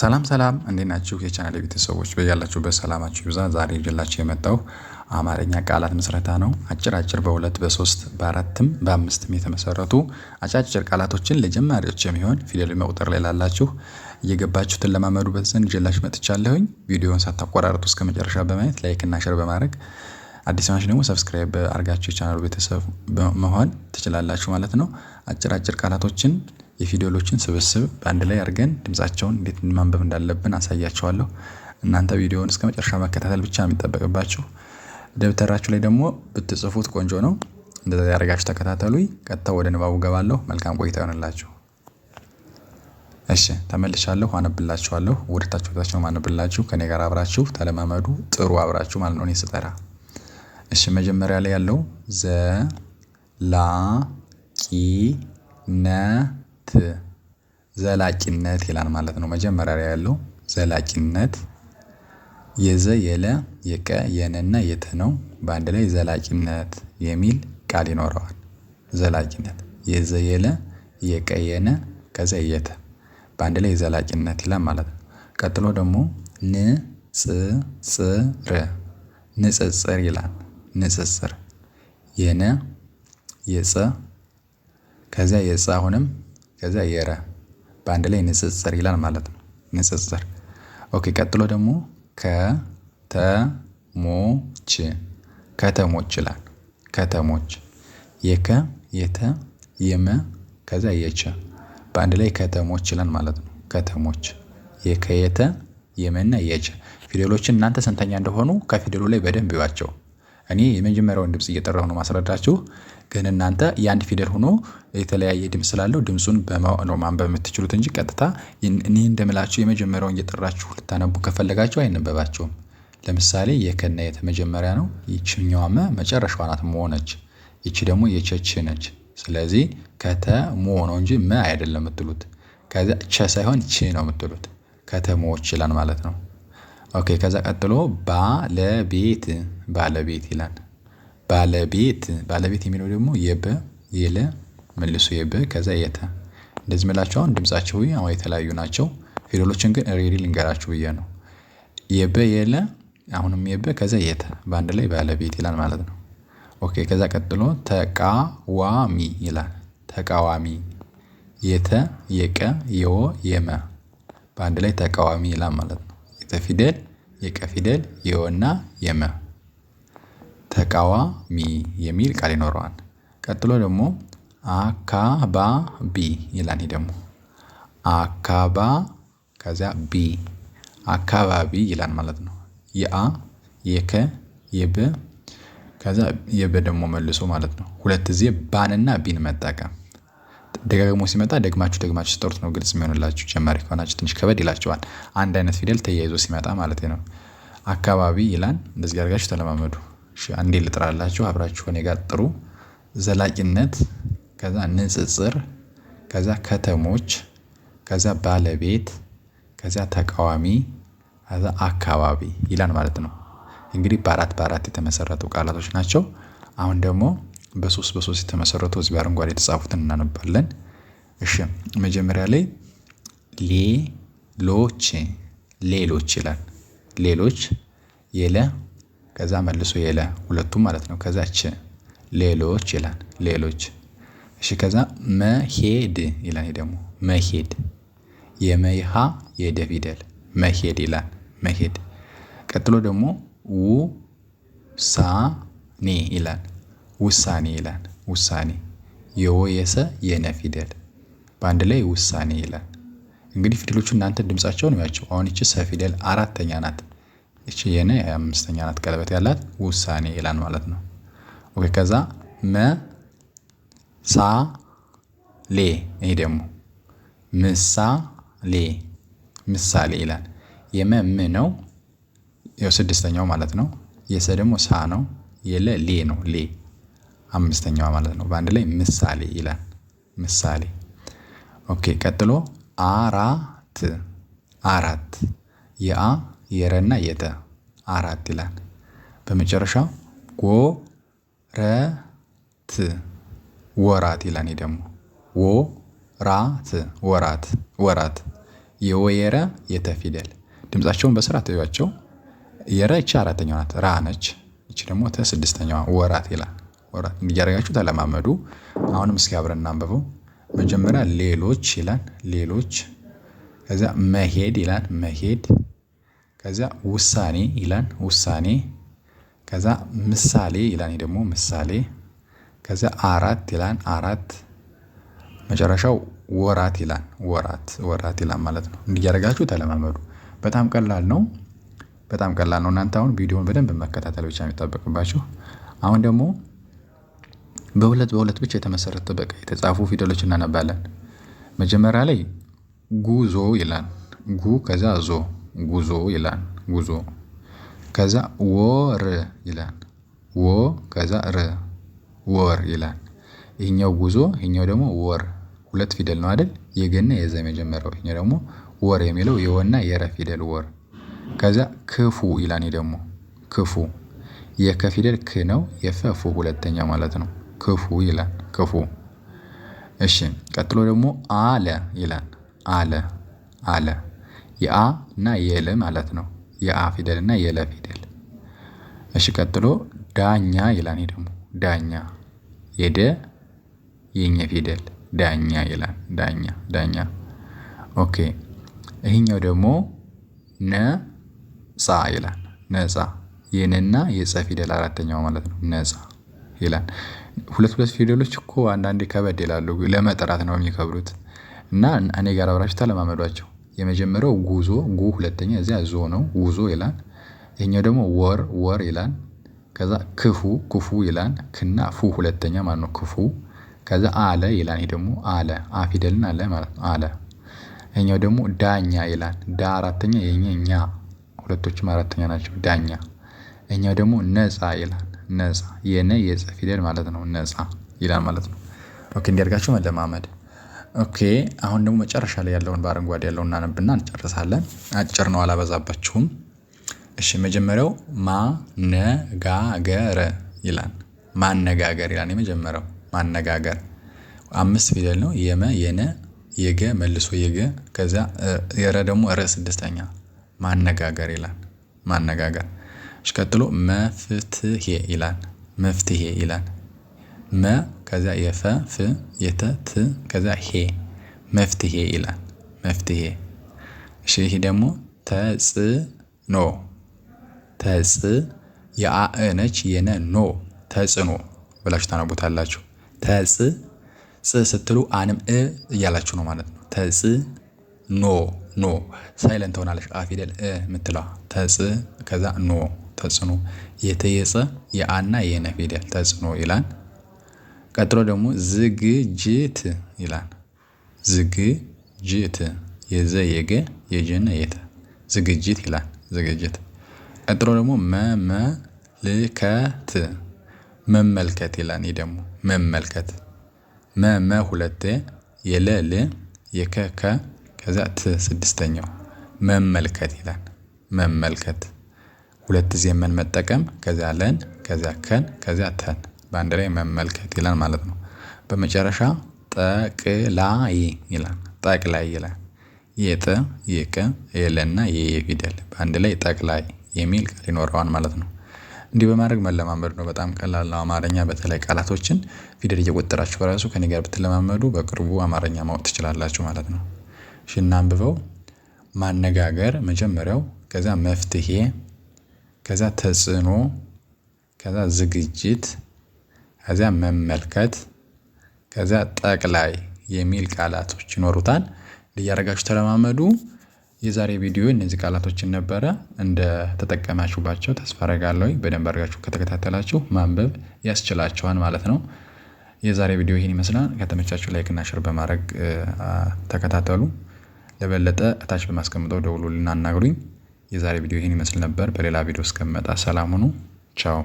ሰላም ሰላም እንዴት ናችሁ? የቻናል ቤተሰቦች በያላችሁበት ሰላማችሁ ይብዛ። ዛሬ ይዤላችሁ የመጣው አማርኛ ቃላት ምስረታ ነው። አጭር አጭር በሁለት በሶስት በአራትም በአምስትም የተመሰረቱ አጫጭር ቃላቶችን ለጀማሪዎች የሚሆን ፊደል መቁጠር ላይ ላላችሁ እየገባችሁትን ትለማመዱበት ዘንድ ይዤላችሁ መጥቻለሁኝ። ቪዲዮውን ሳታቆራረጡ እስከ መጨረሻ በማየት ላይክ እና ሸር በማድረግ አዲስ ማሽ ደግሞ ሰብስክራይብ አድርጋችሁ የቻናሉ ቤተሰብ መሆን ትችላላችሁ ማለት ነው። አጭር አጭር ቃላቶችን የፊደሎችን ስብስብ በአንድ ላይ አድርገን ድምፃቸውን እንዴት ማንበብ እንዳለብን አሳያቸዋለሁ እናንተ ቪዲዮውን እስከ መጨረሻ መከታተል ብቻ ነው የሚጠበቅባችሁ። ደብተራችሁ ላይ ደግሞ ብትጽፉት ቆንጆ ነው። እንደዛ ያደርጋችሁ ተከታተሉ። ቀጥታ ወደ ንባቡ ገባለሁ። መልካም ቆይታ ይሆንላችሁ። እሺ ተመልሻለሁ። አነብላችኋለሁ። ወደታችሁ ታችሁ ማነብላችሁ። ከኔ ጋር አብራችሁ ተለማመዱ። ጥሩ አብራችሁ ማለት ነው እኔ ስጠራ። እሺ መጀመሪያ ላይ ያለው ዘ ላ ቂ ነ ዘላቂነት ይላል ማለት ነው። መጀመሪያ ያለው ዘላቂነት የዘ የለ የቀ የነና የተ ነው በአንድ ላይ ዘላቂነት የሚል ቃል ይኖረዋል። ዘላቂነት የዘ የለ የቀ የነ ከዛ የተ በአንድ ላይ ዘላቂነት ይላል ማለት ነው። ቀጥሎ ደግሞ ን ፅ ንጽጽር ይላል ንጽጽር የነ የፀ ከዚያ የፀ አሁንም ከዛ የረ በአንድ ላይ ንጽጽር ይላል ማለት ነው። ንጽጽር። ኦኬ። ቀጥሎ ደግሞ ከተሞች ከተሞች ይላል። ከተሞች የከ የተ የመ ከዛ የቸ በአንድ ላይ ከተሞች ይላል ማለት ነው። ከተሞች የከ የተ የመና የቸ ፊደሎችን እናንተ ስንተኛ እንደሆኑ ከፊደሉ ላይ በደንብ ይዋቸው። እኔ የመጀመሪያውን ድምፅ እየጠራሁ ነው ማስረዳችሁ። ግን እናንተ የአንድ ፊደል ሆኖ የተለያየ ድምፅ ስላለው ድምፁን ነው ማንበብ የምትችሉት እንጂ ቀጥታ እኔ እንደምላችሁ የመጀመሪያውን እየጠራችሁ ልታነቡ ከፈለጋችሁ አይነበባቸውም። ለምሳሌ የከና የተ መጀመሪያ ነው ይቺኛዋ መ መጨረሻዋ ናት ሞ ነች። ይቺ ደግሞ የቸች ነች። ስለዚህ ከተ ሞ ነው እንጂ መ አይደለም የምትሉት። ከዛ ቸ ሳይሆን ቺ ነው የምትሉት። ከተሞች ይላል ማለት ነው። ኦኬ ከዛ ቀጥሎ ባለቤት ባለቤት ይላል ባለቤት ባለቤት የሚለው ደግሞ የበ የለ መልሶ የበ ከዛ የተ እንደዚህ ምላቸው አሁን ድምጻቸው አሁን የተለያዩ ናቸው። ፊደሎችን ግን ሬዲ ልንገራችሁ ብዬ ነው። የበ የለ አሁንም የበ ከዛ የተ በአንድ ላይ ባለቤት ይላል ማለት ነው። ኦኬ ከዛ ቀጥሎ ተቃዋሚ ይላል። ተቃዋሚ የተ የቀ የወ የመ በአንድ ላይ ተቃዋሚ ይላል ማለት ነው። የተ ፊደል የቀ ፊደል የወና የመ ተቃዋሚ የሚል ቃል ይኖረዋል። ቀጥሎ ደግሞ አካባቢ ይላል ይሄ ደግሞ አካባ ከዚያ ቢ አካባቢ ይላል ማለት ነው። የአ የከ የበ ከዛ የበ ደግሞ መልሶ ማለት ነው። ሁለት ጊዜ ባንና ቢን መጠቀም ደጋግሞ ሲመጣ ደግማችሁ ደግማችሁ ስጠሩት ነው ግልጽ የሚሆንላችሁ። ጀማሪ ከሆናችሁ ትንሽ ከበድ ይላችኋል። አንድ አይነት ፊደል ተያይዞ ሲመጣ ማለት ነው። አካባቢ ይላን። እንደዚህ አድርጋችሁ ተለማመዱ። አንዴ ልጥራላችሁ አብራችሁ ከኔ ጋር ጥሩ። ዘላቂነት ከዛ ንጽጽር ከዛ ከተሞች ከዛ ባለቤት ከዛ ተቃዋሚ ከዛ አካባቢ ይላል ማለት ነው። እንግዲህ በአራት በአራት የተመሰረቱ ቃላቶች ናቸው። አሁን ደግሞ በሶስት በሶስት የተመሰረቱ እዚህ በአረንጓዴ የተጻፉትን እናነባለን። እሺ መጀመሪያ ላይ ሌሎች ሌሎች ይላል ሌሎች የለ ከዛ መልሶ የለ ሁለቱም ማለት ነው። ከዛ ች ሌሎች ይላል ሌሎች። እሺ ከዛ መሄድ ይላል። ደግሞ መሄድ የመይሃ የደ ፊደል መሄድ ይላል መሄድ። ቀጥሎ ደግሞ ውሳኔ ይላል ውሳኔ ይላል ውሳኔ የወየሰ የነ ፊደል በአንድ ላይ ውሳኔ ይላል። እንግዲህ ፊደሎቹ እናንተ ድምጻቸውን ያቸው። አሁን ይቺ ሰ ፊደል አራተኛ ናት። እቺ የነ የአምስተኛ ናት ቀለበት ያላት ውሳኔ ይላል ማለት ነው። ኦኬ ከዛ መ ሳ ሌ ይሄ ደግሞ ምሳ ሌ ምሳሌ ይላል። የመ ም ነው ያው ስድስተኛው ማለት ነው። የሰ ደግሞ ሳ ነው። የለ ሌ ነው ሌ አምስተኛው ማለት ነው። በአንድ ላይ ምሳሌ ይላል። ምሳሌ ኦኬ። ቀጥሎ አራት አራት የአ የረና የተ አራት ይላል። በመጨረሻ ጎ ረ ት ወራት ይላል። ደግሞ ወ ራ ት ወራት ወራት የወየረ ፊደል ድምጻቸውን በስርዓት ታዩዋቸው። የረ እቺ አራተኛው ናት፣ ራ ነች። እቺ ደግሞ ተ ስድስተኛዋ ወራት ይላል። ወራት እንዲያረጋችሁ ተለማመዱ። አሁንም እስኪ አብረን እናንብበው። መጀመሪያ ሌሎች ይላል። ሌሎች ከዚያ መሄድ ይላል። መሄድ ከዚያ ውሳኔ ይላን ውሳኔ ከዛ ምሳሌ ይላን ደግሞ ምሳሌ ከዛ አራት ይላን አራት መጨረሻው ወራት ይላን ወራት ወራት ይላን ማለት ነው። እንዲያደርጋችሁ ተለማመዱ። በጣም ቀላል ነው። በጣም ቀላል ነው። እናንተ አሁን ቪዲዮውን በደንብ መከታተል ብቻ የሚጠበቅባችሁ። አሁን ደግሞ በሁለት በሁለት ብቻ የተመሰረተ በቃ የተጻፉ ፊደሎች እናነባለን። መጀመሪያ ላይ ጉዞ ይላን ጉ ከዛ ዞ ጉዞ ይላል ጉዞ ከዛ ወር ይላል ወ ከዛ ር ወር ይላል። ይሄኛው ጉዞ ይሄኛው ደግሞ ወር ሁለት ፊደል ነው አይደል? የገና የዘ የመጀመሪያው ይሄኛው ደግሞ ወር የሚለው የወና የረ ፊደል ወር። ከዛ ክፉ ይላል ደግሞ ክፉ የከ ፊደል ክ ነው የፈፉ ሁለተኛ ማለት ነው። ክፉ ይላል ክፉ። እሺ ቀጥሎ ደግሞ አለ ይላል አለ አለ የአ እና የለ ማለት ነው። የአ ፊደል እና የለ ፊደል። እሺ ቀጥሎ ዳኛ ይላን። ደግሞ ዳኛ የደ የኘ ፊደል ዳኛ ይላን። ዳኛ ዳኛ። ኦኬ ይህኛው ደግሞ ነጻ ይላል። ነፃ የነና የፀ ፊደል አራተኛው ማለት ነው። ነፃ ይላል። ሁለት ሁለት ፊደሎች እኮ አንዳንዴ ከበድ ይላሉ። ለመጠራት ነው የሚከብዱት እና እኔ ጋር አብራችሁ ተለማመዷቸው። የመጀመሪያው ጉዞ ጉ ሁለተኛ እዚያ ዞ ነው ጉዞ ይላል። ይሄኛው ደግሞ ወር ወር ይላል። ከዛ ክፉ ክፉ ይላል ክና ፉ ሁለተኛ ማለት ነው ክፉ። ከዛ አለ ይላል። ይሄ ደግሞ አለ አፊደልን አለ ማለት ነው አለ። ይሄኛው ደግሞ ዳኛ ይላል ዳ አራተኛ የኛ ኛ ሁለቶችም አራተኛ ናቸው ዳኛ። ይሄኛው ደግሞ ነፃ ይላል ነፃ የነ የፀ ፊደል ማለት ነው ነፃ ይላል ማለት ነው። ኦኬ እንዲያርጋችሁ መለማመድ ኦኬ አሁን ደግሞ መጨረሻ ላይ ያለውን በአረንጓዴ ያለው እናነብና እንጨርሳለን። አጭር ነው አላበዛባችሁም። እሺ የመጀመሪያው ማነጋገር ይላል። ማነጋገር ይላል። የመጀመሪያው ማነጋገር አምስት ፊደል ነው። የመ የነ የገ መልሶ የገ ከዚያ የረ ደግሞ ረ ስድስተኛ ማነጋገር ይላል። ማነጋገር እሺ ቀጥሎ መፍትሄ ይላል። መፍትሄ ይላል መ ከዛ የፈ ፍ የተ ት ከዛ ሄ መፍትሄ ይላል። መፍትሄ እሺ። ይሄ ደግሞ ተጽዕኖ ተጽ የአእ ነች የነ ኖ ተጽኖ ብላችሁ ታነቡታላችሁ። ተጽ ጽ ስትሉ አንም እ እያላችሁ ነው ማለት ነው። ተጽ ኖ ኖ ሳይለንት ሆናለች አ ፊደል እ የምትለዋ ተጽ ከዛ ኖ ተጽዕኖ የተየጸ የአና የነ ፊደል ተጽዕኖ ይላል። ቀጥሎ ደግሞ ዝግጅት ይላል። ዝግጅት የዘ የገ የጀነ የተ ዝግጅት ይላል። ዝግጅት ቀጥሎ ደግሞ መመልከት መመልከት ይላል። ይህ ደግሞ መመልከት መመ ሁለቴ የለል የከከ ከዛ ት ስድስተኛው መመልከት ይላል። መመልከት ሁለት ዜመን መጠቀም ከዛ ለን ከዛ ከን ከዛ ተን በአንድ ላይ መመልከት ይላል ማለት ነው። በመጨረሻ ጠቅላይ ይላል ጠቅላይ ይላል የጠ የቀ የለና የየ ፊደል በአንድ ላይ ጠቅላይ የሚል ቃል ይኖረዋል ማለት ነው። እንዲህ በማድረግ መለማመድ ነው። በጣም ቀላል ነው። አማርኛ በተለይ ቃላቶችን ፊደል እየቆጠራችሁ በራሱ ከኔ ጋር ብትለማመዱ በቅርቡ አማርኛ ማወቅ ትችላላችሁ ማለት ነው። እሺ አንብበው ማነጋገር መጀመሪያው፣ ከዛ መፍትሄ፣ ከዛ ተጽዕኖ፣ ከዛ ዝግጅት ከዚያ መመልከት ከዚያ ጠቅላይ የሚል ቃላቶች ይኖሩታል። እያደረጋችሁ ተለማመዱ። የዛሬ ቪዲዮ እነዚህ ቃላቶችን ነበረ እንደ ተጠቀማችሁባቸው ተስፋ አደርጋለሁ። በደንብ አድርጋችሁ ከተከታተላችሁ ማንበብ ያስችላችኋል ማለት ነው። የዛሬ ቪዲዮ ይህን ይመስላል። ከተመቻችሁ ላይክና ሸር በማድረግ ተከታተሉ። ለበለጠ እታች በማስቀምጠው ደውሉልና አናግሩኝ። የዛሬ ቪዲዮ ይህን ይመስል ነበር። በሌላ ቪዲዮ እስከመጣ ሰላም ሁኑ። ቻው